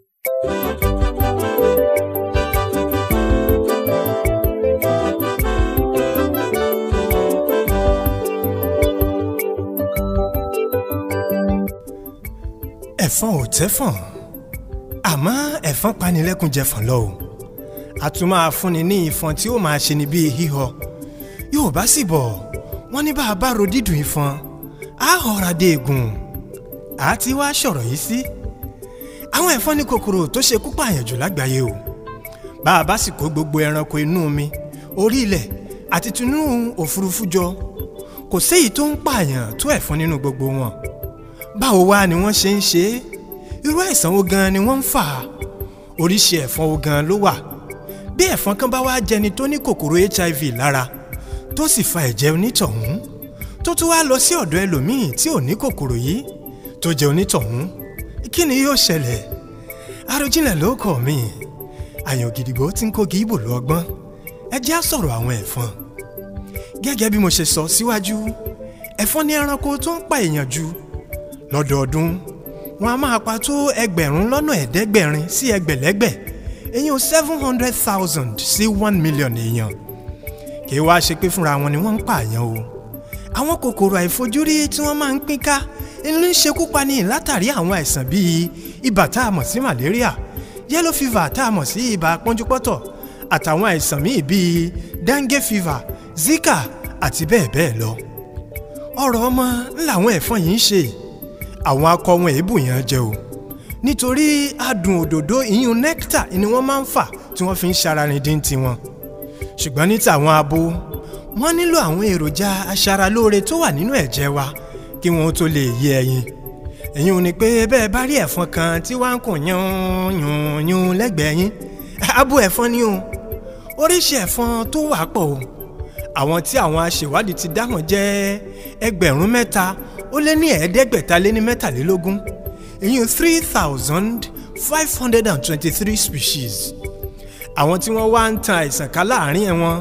ẹ̀fọn ò tẹ́fọ̀n àmọ́ ẹ̀fọn panilẹ́kùn jẹ̀fọ̀n lọ o a tún ní ìfọn tí ó máa ṣe ni bíi híhọ yóò bá sì bọ̀ wọ́n ní bá a bá ro dídùn ìfọn a họra dé ègùn àá ti wá sọ̀rọ̀ yìí sí. Si àwọn ẹ̀fọn ní kòkòrò tó ṣekú pààyàn jù lágbàáyé o bá a bá sì kó gbogbo ẹranko inú omi orí ilẹ̀ àti tinú òfurufú jọ kò séyìí tó ń pààyàn tó ẹ̀fọn nínú gbogbo wọn báwo wá ni wọ́n ṣe ń ṣe é irú àìsàn wo gan ni wọ́n ń fà á oríṣi ẹ̀fọn wo gan ló wà bí ẹ̀fọn kan bá wá jẹni tó ní kòkòrò HIV lára tó sì fa ẹ̀jẹ̀ onítọ̀hún tó tún wá lọ sí ọ̀dọ̀ ẹlòmíì tí ò ní kòkòrò yìí tó jẹ́ onítọ̀hún kí ni yóò ṣẹlẹ̀ Àròjinlẹ̀ ló kọ̀ mí àyàn gidigbo tí ń kó gíbò lọ ọgbọ́n ẹ jẹ́ á sọ̀rọ̀ àwọn ẹ̀fọn gẹ́gẹ́ bí mo ṣe sọ síwájú ẹ̀fọn ni ẹranko tó ń pa èèyàn jù lọ́dọọdún wọn a máa pa tó ẹgbẹ̀rún lọ́nà ẹ̀ẹ́dẹ́gbẹ̀rin sí ẹgbẹ̀lẹ́gbẹ̀ èèyàn seven hundred thousand sí one million èèyàn kì í wá ṣe pé fúnra wọn ni wọ́n ń pààyàn o àwọn kòkòrò àìfojúrí tí wọ́n máa ń pín ká ń ṣekú pani látàrí àwọn àìsàn bíi ibà tá a mọ̀ sí malaria yellow fever tá a mọ̀ sí ibà pọ́njúpọ́tọ̀ àtàwọn àìsàn míì bíi dengue fever zika àti bẹ́ẹ̀ bẹ́ẹ̀ lọ. ọ̀rọ̀ ọmọ làwọn ẹ̀fọn yìí ń ṣe àwọn akọ wọn èébù yẹn jẹ o nítorí adùn òdòdó ìyún nectar ni wọ́n máa ń fà tí wọ́n fi ń ṣararin dín tiwọn ṣùgbọ́n ní tàwọn abo wọ́n nílò àwọn èròjà aṣaralóore tó wà nínú ẹ̀jẹ̀ wa kí wọn tó lè yé ẹyin ẹ̀yin ò ní pé bẹ́ẹ̀ bá rí ẹ̀fọn kan tí wàá ń kùn yún yún yún lẹ́gbẹ̀ẹ́ yín abo ẹ̀fọn ni o oríṣi ẹ̀fọn tó wà pọ̀ o àwọn tí àwọn aṣèwádìí ti dáhùn jẹ́ ẹgbẹ̀rún mẹ́ta ó lé ní ẹ̀ẹ́dẹ́gbẹ̀ta lé ní mẹ́tàlélógún ẹ̀yin three thousand five hundred and twenty-three species àwọn tí wọ́n wá ń tan àìsàn ká láàárín ẹ̀ wọn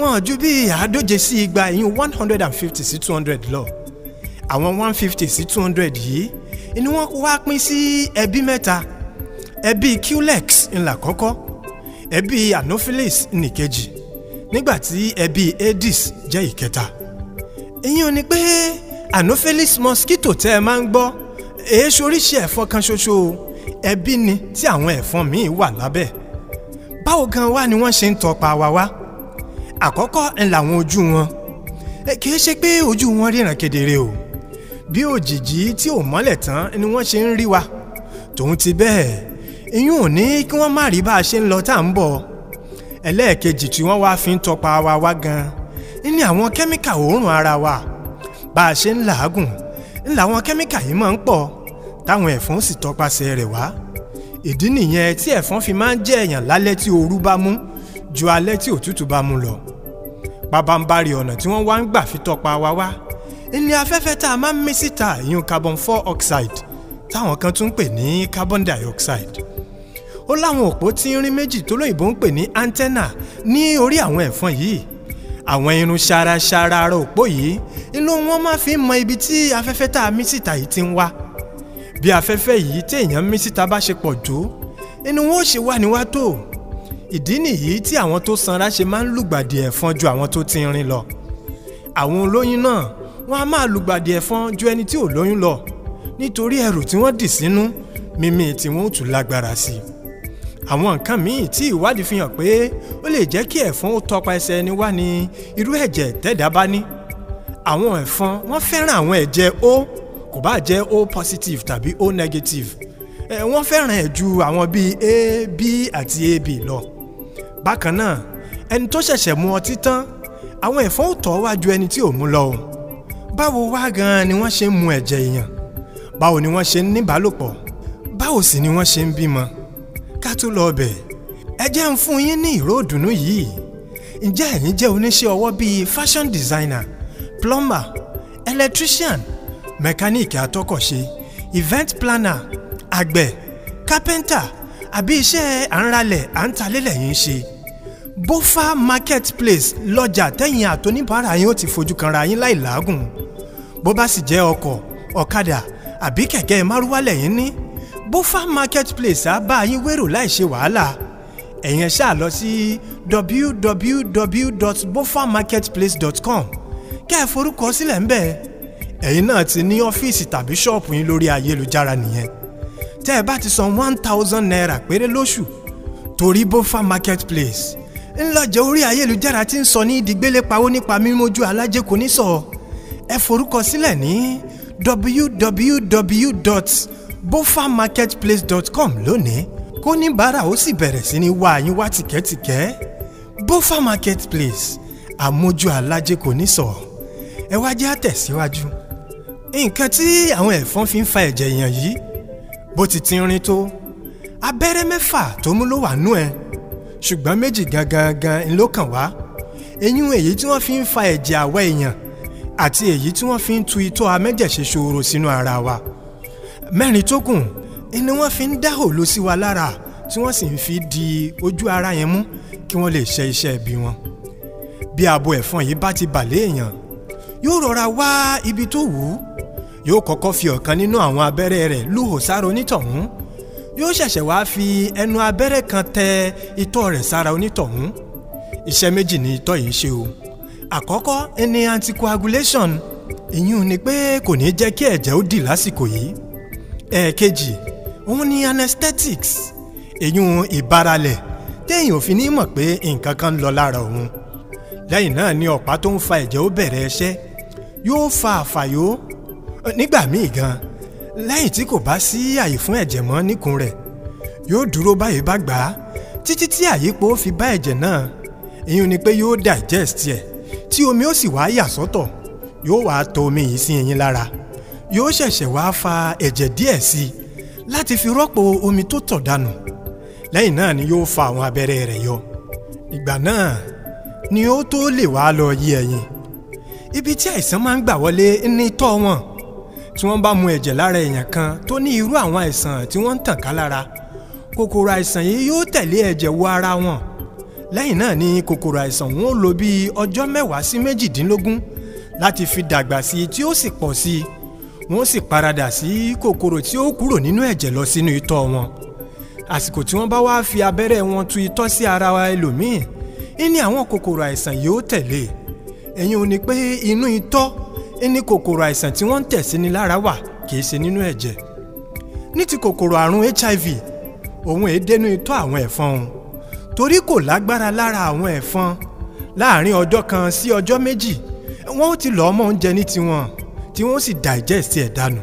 wọn ju bí àádóje sí igba ẹ̀yin one hundred and fifty sí two hundred lọ àwọn one fifty sí two hundred yìí ni wọ́n wá pín sí ẹbí mẹ́ta ẹbí qlex ńlá kọ́kọ́ ẹbí anopheles nìkejì nígbàtí ẹbí aedes jẹ́ ìkẹta èyí ò ní pé anopheles mosquito tẹ́ ẹ máa ń gbọ́ èéṣe oríṣi ẹ̀fọn kan ṣoṣo ẹbí ni tí àwọn ẹ̀fọn míì wà lábẹ́ báwo gan wá ni wọ́n ṣe ń tọpa wa wá àkọ́kọ́ ńlá àwọn ojú wọn kì í ṣe pé ojú wọn ríran kedere o bí òjìji tí ò mọ́lẹ̀ tán ni wọ́n ṣe ń rí wa tòun ti bẹ́ẹ̀ ìyún ò ní kí wọ́n má rí bá a ṣe ń lọ tá à ń bọ̀ ẹlẹ́ẹ̀kejì tí wọ́n wá fi ń tọpa wa wá gan ní àwọn kẹ́míkà òórùn ara wa bá a ṣe ń làágùn ńlá àwọn kẹ́míkà yìí máa ń pọ̀ táwọn ẹ̀fọn sì tọpasẹ̀ rẹ̀ wá ìdí nìyẹn tí ẹ̀fọn fi máa ń jẹ èèyàn lálẹ́ tí ooru bá mú ju alẹ́ tí òtútù bá mú lọ pabambarì ọ̀nà tí wọ́n wá ń gbà fi tọpa wa wá ilé afẹ́fẹ́ tá a máa ń mí síta ìyún carbon four oxide táwọn kan tún ń pè ní carbon dioxide ó láwọn òpó tínrín méjì tó lóyìnbó ń pè ní antenna ní orí àwọn ẹ̀fọn yìí àwọn irun ṣaraṣara ara òpó yìí inú wọn máa fi mọ ibi tí afẹ́fẹ́ tá a mí síta yìí ti ń wá bí afẹ́fẹ́ yìí téèyàn mí síta bá ṣe pọ̀ tó inú wọn ò ṣe wà níwá tó ìdí nìyí tí àwọn tó sanra ṣe máa ń lùgbàdì ẹ̀fọn ju àwọn tó tínrín lọ àwọn olóyún náà wọ́n á máa lùgbàdì ẹ̀fọn ju ẹni tí ò lóyún lọ nítorí ẹrù tí wọ́n dì sínú mímí tí wọ́n tún lágbára sí i àwọn nǹkan míì tí ìwádìí fi hàn pé ó lè jẹ́ kí ẹ̀fọn ó tọpasẹ̀ ẹni wá ní irú ẹ̀jẹ̀ tẹ́dá bá ní àwọn ẹ̀fọn wọ́n fẹ́ràn àwọn ẹ̀jẹ̀ o kò bá jẹ́ o positive tàbí o negative ẹ̀ wọ́n fẹ́ràn ẹ̀ ju àwọn bíi a b àti ab lọ bákan náà ẹni tó ṣẹ̀ṣẹ̀ mu ọtí tán àwọn ẹ̀fọn ò tọ́ wá ẹni tí ò mu lọ o báwo wá gan-an ni wọ́n ṣe ń mu ẹ̀jẹ̀ èèyàn báwo ni wọ́n ṣe ń níbálòpọ̀ báwo sì ni wọ́n ṣe ń bímọ ká tó lọ bẹ̀ ẹ ń fún yín ní ìró ìdùnnú yìí ǹjẹ́ ẹ̀yin jẹ́ oníṣẹ́ ọwọ́ bíi fashion designer plumber electrician mechanic atọ́kọ̀ṣe event planner àgbẹ̀ carpenter àbí iṣẹ́ àǹralẹ̀ àǹtalẹ́lẹ̀ yín ṣe bofa market place lọ́jà tẹ̀yìn àtọ́níbàárà yín ó ti fojú kanra yín láì làágùn bó bá sì jẹ́ ọkọ̀ ọ̀kadà àbí kẹ̀kẹ́ márúwá lẹ́yìn ní bofa market place á bá yín wérò láì ṣe wàhálà ẹ̀yin ẹ̀ ṣáà lọ sí www.bofamarketplace.com kẹ́ ẹ forúkọ sílẹ̀ ń bẹ̀ ẹ̀yin náà ti ní ọ́fíìsì tàbí ṣọ́ọ̀pù yín lórí ayélujára nìyẹn tẹ́ ẹ bá ti san one thousand naira péré lóṣù torí bofa market place ńlọjọ orí ayélujára ti ń sọ ní ìdígbélé pawó nípa mímójú alájẹkù nísọ̀ọ́ ẹ forúkọsílẹ̀ ní www.bofamarketplace.com lónìí kó níbàárà ó sì bẹ̀rẹ̀ sí ní wá yín wá tìkẹ́tìkẹ́ bofa marketplace place àmójú alájẹ kò ní sọ ẹ wá jẹ́ àtẹ̀síwájú nǹkan tí àwọn ẹ̀fọn fi ń fa ẹ̀jẹ̀ èèyàn yìí bó ti tínrín tó abẹ́rẹ́ mẹ́fà tó mú ló wà nú ẹ ṣùgbọ́n méjì gangan ló kàn wá eyín èyí tí wọ́n fi ń fa ẹ̀jẹ̀ àwọ̀ èèyàn àti èyí tí wọ́n fi ń tu itọ́ amẹ́jẹ̀ṣe ṣòro sínú ara wa mẹ́rin tó kù ni wọ́n fi ń dá òòlò sí wa lára tí wọ́n sì ń fi di ojú ara yẹn mú kí wọ́n lè ṣe iṣẹ́ ibi wọn bí abo ẹ̀fọn yìí bá ti bà lé èèyàn yóò rọra wá ibi tó wù ú yóò kọ́kọ́ fi ọ̀kan nínú àwọn abẹ́rẹ́ rẹ̀ lúhò sára onítọ̀hún yóò ṣẹ̀ṣẹ̀ wáá fi ẹnu abẹ́rẹ́ kan tẹ itọ́ rẹ̀ sára onítọ̀hún iṣẹ́ méjì ni itọ́ yìí ṣe o àkọ́kọ́ ni anticoagulation ìyún ni pé kò ní jẹ́ kí ẹ̀jẹ̀ ó dì lásìkò yìí ẹ̀ẹ̀kejì òun ni anesthetics ìyún ìbaralẹ̀ téèyàn ò fi ní mọ̀ pé nǹkan kan ń lọ lára òun lẹ́yìn náà ni ọ̀pá tó ń fa ẹ̀jẹ̀ ó bẹ̀rẹ̀ ẹṣẹ́ yóò fa àfàyò eh, nígbà míì gan lẹ́yìn tí kò bá sí àyè fún ẹ̀jẹ̀ mọ́ níkùn rẹ̀ yóò dúró báyìí bá gbà á títí tí àyípo fi bá ẹ̀jẹ̀ náà ìyún ni pé yóò digest ẹ̀ tí omi ó sì wá yà sọ́tọ̀ yóò wá tọ omi yìí sí eyín lára yóò ṣẹ̀ṣẹ̀ wá fa ẹ̀jẹ̀ díẹ̀ sí i láti fi rọ́pò omi tó tọ̀ dànù lẹ́yìn náà ni yóò fa àwọn abẹ́rẹ́ rẹ̀ yọ ìgbà náà ni ó tó lè wá lọ yí ẹyin ibi tí àìsàn máa ń gbà wọlé ní tọ́ wọn tí wọ́n bá mu ẹ̀jẹ̀ lára èèyàn kan tó ní irú àwọn àìsàn tí wọ́n ń tàn ká lára kòkòrò àìsàn yìí yóò tẹ̀lé ẹ̀jẹ̀ wọ ara wọn lẹ́yìn náà ni kòkòrò àìsàn wọn ó lò bíi ọjọ́ mẹ́wàá sí méjìdínlógún láti fi dàgbà sí i tí ó sì pọ̀ sí i wọn ó sì paradà sí kòkòrò tí ó kúrò nínú ẹ̀jẹ̀ lọ sínú itọ́ wọn àsìkò tí wọ́n bá wá fi abẹ́rẹ́ wọn tu itọ́ sí ara ẹlòmíì ìní àwọn kòkòrò àìsàn yìí ó tẹ̀lé ẹ̀yìn ò ní pé inú itọ́ ìní kòkòrò àìsàn tí wọ́n ń tẹ̀ sí ni lára wà kìí ṣe nínú ẹ̀jẹ̀ ní ti kòkòrò àrùn HIV òun èédénú itọ́ àwọn ẹ̀fọn òun torí kò lágbára lára àwọn ẹ̀fọn láàrin ọjọ́ kan sí ọjọ́ méjì wọ́n ó ti lọ́ọ́ mọ oúnjẹ ní tiwọn tí wọ́n sì digest ẹ̀ dànù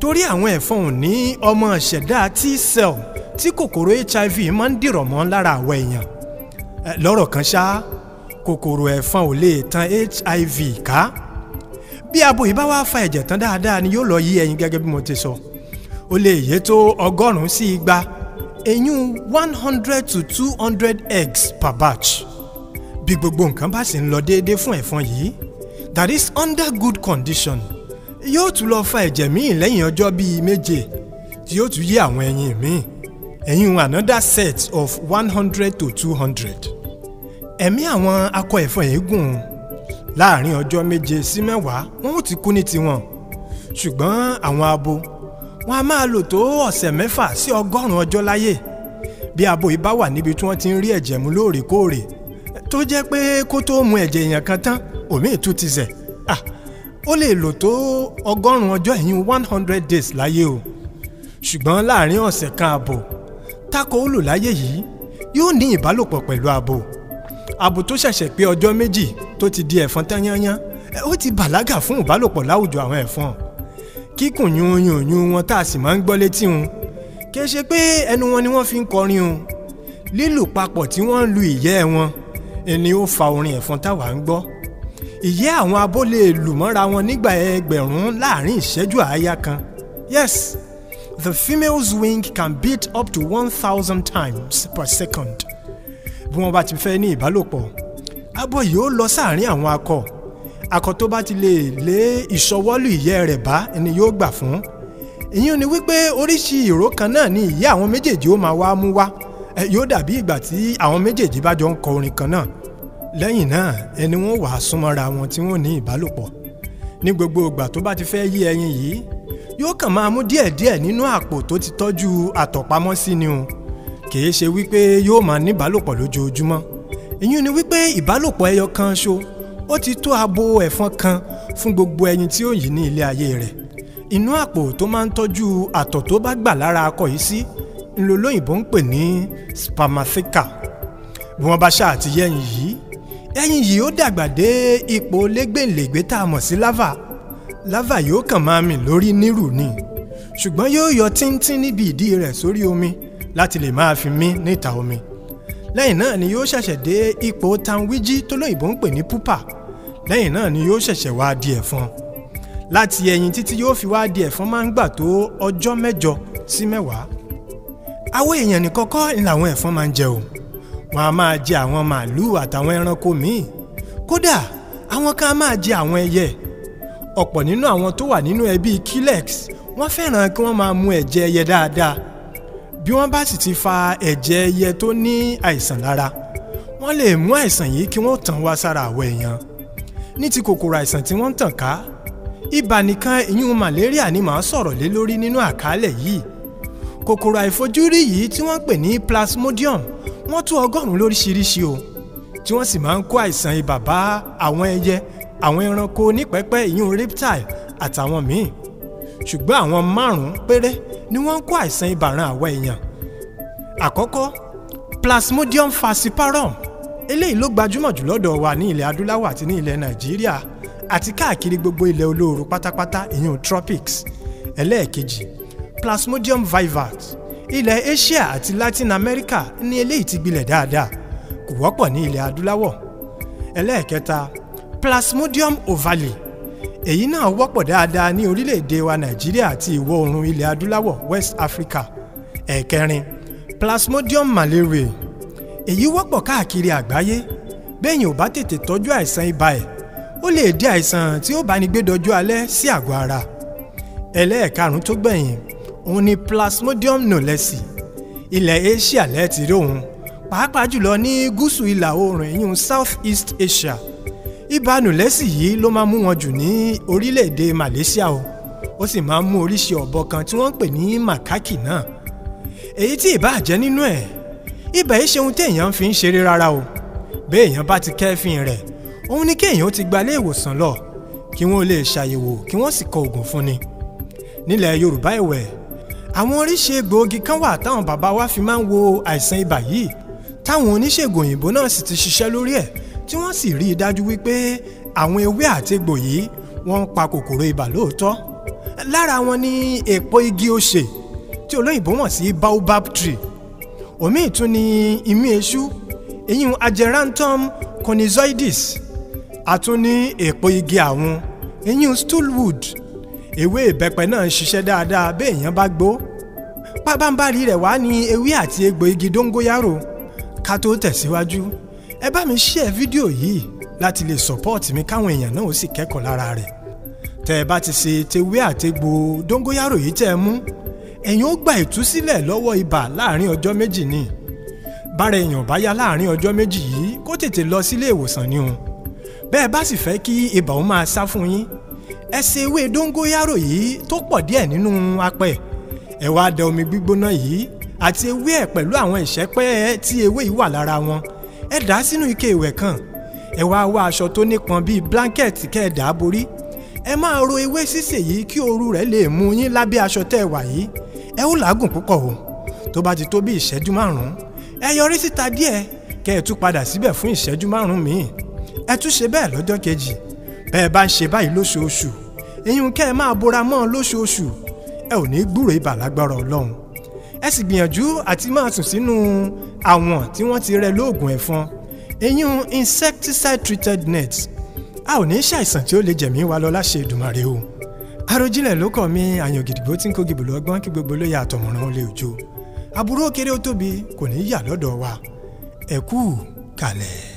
torí àwọn ẹ̀fọn ò ní ọmọ ìṣẹ̀dá t-cell tí kòkòrò hiv máa ń dìrọ̀ mọ́ lára àwọn èèyàn lọ́rọ̀ kan ṣá kòkòrò ẹ̀fọn ò lè tan hiv ká bí abo yìí bá wá fa ẹ̀jẹ̀ tán dáadáa ni yóò lọ yí ẹyin gẹ́gẹ́ bí mo ti sọ ó lè yé tó ọgọ́rùn-ún sí igba eyín one hundred to two hundred eggs per batch bí gbogbo nǹkan bá sì ń lọ déédéé fún ẹ̀fọn yìí that is under good condition yóò tún lọ fa ẹ̀jẹ̀ míì lẹ́yìn ọjọ́ bíi méje tí yóò tún yé àwọn ẹyin míì ẹ̀yìn another set of one hundred to two hundred ẹ̀mí àwọn akọ ẹ̀fọn yìí gùn láàrin ọjọ́ méje sí mẹ́wàá wọn ò ti kú ní tiwọn ṣùgbọ́n àwọn abo wọ́n a máa lò tó ọ̀sẹ̀ mẹ́fà sí ọgọ́rùn-ún ọjọ́ láyé bí abo yìí bá wà níbi tí wọ́n ti ń rí ẹ̀jẹ̀ mú lóòrèkóòrè tó jẹ́ pé kó tó mu ẹ̀jẹ̀ èèyàn kan tán òmíì tún ti zẹ̀ ah ó lè lò tó ọgọ́rùn-ún ọjọ́ ẹ̀yìn one hundred days láyé o ṣùgbọ́n láàrin ọ̀sẹ̀ kan àbọ̀ tako ó lò láyé yìí yóò ní ìbálòpọ̀ pẹ̀lú abo abo tó ṣẹ̀ṣẹ̀ pé ọjọ́ méjì tó ti di ẹ̀fọn tán yányán ó ti bàlágà fún ìbálòpọ̀ láwùjọ àwọn ẹ̀fọn kíkùn yún oyún wọn tá a sì máa ń gbọ́ létí wọn kì ṣe pé ẹnu wọn ni wọ́n fi ń kọrin o lílù papọ̀ tí wọ́n ń lu ìyẹ́ wọn ni ó fa orin ẹ̀fọn táwa ń gbọ́ ìyẹ́ àwọn abó lù mọ́ra wọn nígbà ẹgbẹ̀rún láàrin ìṣẹ́jú àáyá kan yes the female's wing can beat up to one thousand times per second bí wọ́n bá ti fẹ́ ní ìbálòpọ̀ abọ́ yìí ó lọ sáàrin àwọn akọ akọ tó bá ti lè lé ìṣọwọ́lù ìyẹ́ rẹ̀ bá ni yóò gbà fún ìyẹn ni wípé oríṣi ìró kan náà ni ìyẹ́ àwọn méjèèjì ó máa wá mú wá yóò dàbí ìgbà tí àwọn méjèèjì bá jọ ń kọ orin kan náà lẹ́yìn náà ẹni wọ́n wàá súnmọ́ra wọn tí wọ́n ní ìbálòpọ̀ ní gbogbo ìgbà tó bá ti fẹ́ yí ẹyin yìí yóò kàn máa mú díẹ̀díẹ̀ nínú àpò tó ti tọ́jú àtọ̀pamọ́ sí ni o kìí ṣe wípé yóò máa níbálòpọ̀ lójoojúmọ́ ìyún ni wípé ìbálòpọ̀ ẹyọ kan ṣo ó ti tó abo ẹ̀fọn kan fún gbogbo ẹyin tí ó yìí ní ilé ayé rẹ̀ inú àpò tó máa ń tọ́jú àtọ̀ tó bá gbà lára akọ yìí sí ńlọlọ́yìnbó ń pè ní spamatheca bí wọ́n bá ṣáà yẹ́yìn yìí ẹyin yìí ó dàgbà dé ipò lẹ́gbẹ̀lẹ́gbẹ̀ tá a mọ̀ sí lava lava yóò kàn máa mì lórí nírù ni ṣùgbọ́n yóò yọ tíntín níbi ìdí rẹ̀ sórí omi láti lè máa fi mí níta omi lẹ́yìn náà ni yóò ṣẹ̀ṣẹ̀ dé ipò tanwiji tólóyìnbó ń pè ní pupa lẹ́yìn náà ni yóò ṣẹ̀ṣẹ̀ wá di ẹ̀fọn láti ẹ̀yìn títí yóò fi wá di ẹ̀fọn máa ń gbà tó ọjọ́ mẹ́jọ sí mẹ́wàá àwọn èèyàn nìkan kọ́ ni làwọn ẹ̀fọn máa ń jẹ o wọn a máa jẹ àwọn màálù àtàwọn ẹranko míì kódà àwọn kan a máa jẹ àwọn ẹyẹ ọ̀pọ̀ nínú àwọn tó wà nínú ẹbí Kilex wọ́n fẹ́ràn kí wọ́n máa mu ẹ̀jẹ̀ ẹyẹ dáadáa bí wọ́n bá sì ti fa ẹ̀jẹ̀ ẹyẹ tó ní àìsàn lára wọ́n lè mú àìsàn yìí kí wọ́n tàn wá sára àwọ̀ èèyàn ní ti kòkòrò àìsàn tí wọ́n ń tàn ká ibà nìkan ìyún màlẹ́ríà ni màá sọ̀rọ̀ lé lórí nínú àkálẹ̀ yìí kòkòrò àìfojúrí yìí tí wọ́n pè ní plasmodium wọ́n tó ọgọ́rùn-ún lóríṣiríṣi o tí wọ́n sì máa ń kó àìsàn ibà bá àwọn ẹyẹ àwọn ẹranko nípẹ́pẹ́ ìyún reptile àtàwọn míì ṣùgbọ́n àwọn márùn-ún péré ni wọ́n ń kó àìsàn ibà ran àwa èèyàn àkọ́kọ́ plasmodium falciparum eléyìí ló gbajúmọ̀ jù lọ́dọ̀ wa ní ilẹ̀ adúláwọ̀ àti ní ilẹ̀ nàìjíríà àti káàkiri gbogbo ilẹ̀ olóoru pátápátá ìyún tropics ẹlẹ́ẹ̀kejì plasmodium vivax ilẹ̀ asia àti latin america ní eléyìí ti gbilẹ̀ dáadáa kò wọ́pọ̀ ní ilẹ̀ adúláwọ̀ ẹlẹ́ẹ̀kẹta plasmodium ovale èyí náà wọ́pọ̀ dáadáa ní orílẹ̀-èdè wa nàìjíríà àti ìwọ̀ oòrùn ilẹ̀ adúláwọ̀ west africa ẹ̀kẹrin plasmodium malaria. èyí wọ́pọ̀ káàkiri àgbáyé bẹ́ẹ̀yìn ò bá tètè tọ́jú àìsàn ibà ẹ̀ ó lè di àìsàn tí ó bá ní gbé dọjú alẹ́ sí àgọ́ ara ẹlẹ́ẹ̀karùn tó gbẹ̀yìn òun ni plasmodium knowlesi ilẹ̀ asia lẹ́ẹ̀tì rí òun pàápàá jùlọ ní gúúsù ìlà oòrùn ẹ̀yìn south east asia ìbànúlẹ́sì yìí ló máa mú wọn jù ní orílẹ̀-èdè Malaysia o ó sì máa ń mú oríṣi ọ̀bọ kan tí wọ́n ń pè ní màkàkì náà èyí tí ìbá jẹ́ nínú ẹ̀ ibà yìí ṣe ohun téèyàn fi ń ṣeré rárá o béèyàn bá ti kẹ́fìn rẹ̀ òun ni kéèyàn ó ti gba ilé ìwòsàn lọ kí wọ́n lè ṣàyẹ̀wò kí wọ́n sì kọ oògùn fún ni nílẹ̀ Yorùbá ẹ̀wẹ̀ àwọn oríṣi egbòogi kan wà táwọn bàbá wa fi máa ń wo àìsàn ibà yìí táwọn oníṣègùn òyìnbó náà sì ti ṣiṣẹ́ lórí ẹ̀ tí wọ́n sì rí i dájú wípé àwọn ewé àtegbò yìí wọ́n ń pa kòkòrò ibà lóòótọ́ lára wọn ni èèpo igi osè tí olóyìnbó mọ̀ sí baobab tree òmíì tún ni imí eṣú eyín agerantum conizoides àtún ní èèpo igi àwọn eyín stoolwood ewé ìbẹ́pẹ náà ń ṣiṣẹ́ dáadáa béèyàn bá gbó pábánbárì rẹ̀ wá ní ewé àti egbò igi dóngóyárò ká tó tẹ̀síwájú. Si ẹ bá mi share fídíò yìí láti lè support mi káwọn èèyàn náà ó sì kẹ́kọ̀ọ́ lára rẹ̀ tẹ́ ẹ bá ti ṣe tewé àtegbò dóngóyàrò yìí tẹ́ ẹ mú èèyàn ó gba ìtúsílẹ̀ lọ́wọ́ ibà láàrin ọjọ́ méjì ni bára èèyàn bá yá láàrin ọjọ́ méjì yìí kó tètè lọ sílé ìwòsàn ni o bẹ́ẹ̀ bá sì fẹ́ kí ibà ó máa sá fún yín ẹ ṣe ewé dóngóyàrò yìí tó pọ̀ díẹ̀ nínú apẹ̀ ẹ wá da omi gbígbóná yìí àti ewé ẹ̀ pẹ̀lú àwọn ìṣẹ́pẹ́ tí ewé yìí wà lára wọn ẹ dà á sínú ike ìwẹ̀ kan ẹ wá wá aṣọ tó nípọn bíi blanket kẹ́ ẹ dà á borí ẹ máa ro ewé sísè yìí kí ooru rẹ̀ lè mú yín lábẹ́ aṣọ tẹ́ ẹ wà yìí ẹ ó làágùn púpọ̀ o tó bá ti tó bí ìṣẹ́jú márùn-ún ẹ yọrí síta díẹ̀ kẹ́ ẹ tún padà síbẹ̀ fún ìṣẹ́jú márùn-ún míì ẹ tún ṣe bẹ́ẹ̀ lọ́jọ́ kejì bẹ́ẹ̀ bá ń ṣe báyìí lóṣooṣù ìyún kẹ́ ẹ máa bora mọ́ lóṣooṣù ẹ ò ní gbúròó ibà lágbára Ọlọ́run ẹ sì gbìyànjú àti máa sùn sínú àwọn tí wọ́n ti rẹ lóògùn ẹ̀fọn eyín insecticide treated nets a ò ní ṣàìsàn tí ó lè jẹ̀mí wa lọ láṣẹ Èdùmàrè o Àròjinlẹ̀ ló kọ́ mi àyàn gidigbo tí ń kó gìbò lọ́gbọ́n kí gbogbo lóye àtọ̀mọ̀ràn olè òjò aburú kéré ó tóbi kò ní yà lọ́dọ̀ wa ẹ kalẹ̀.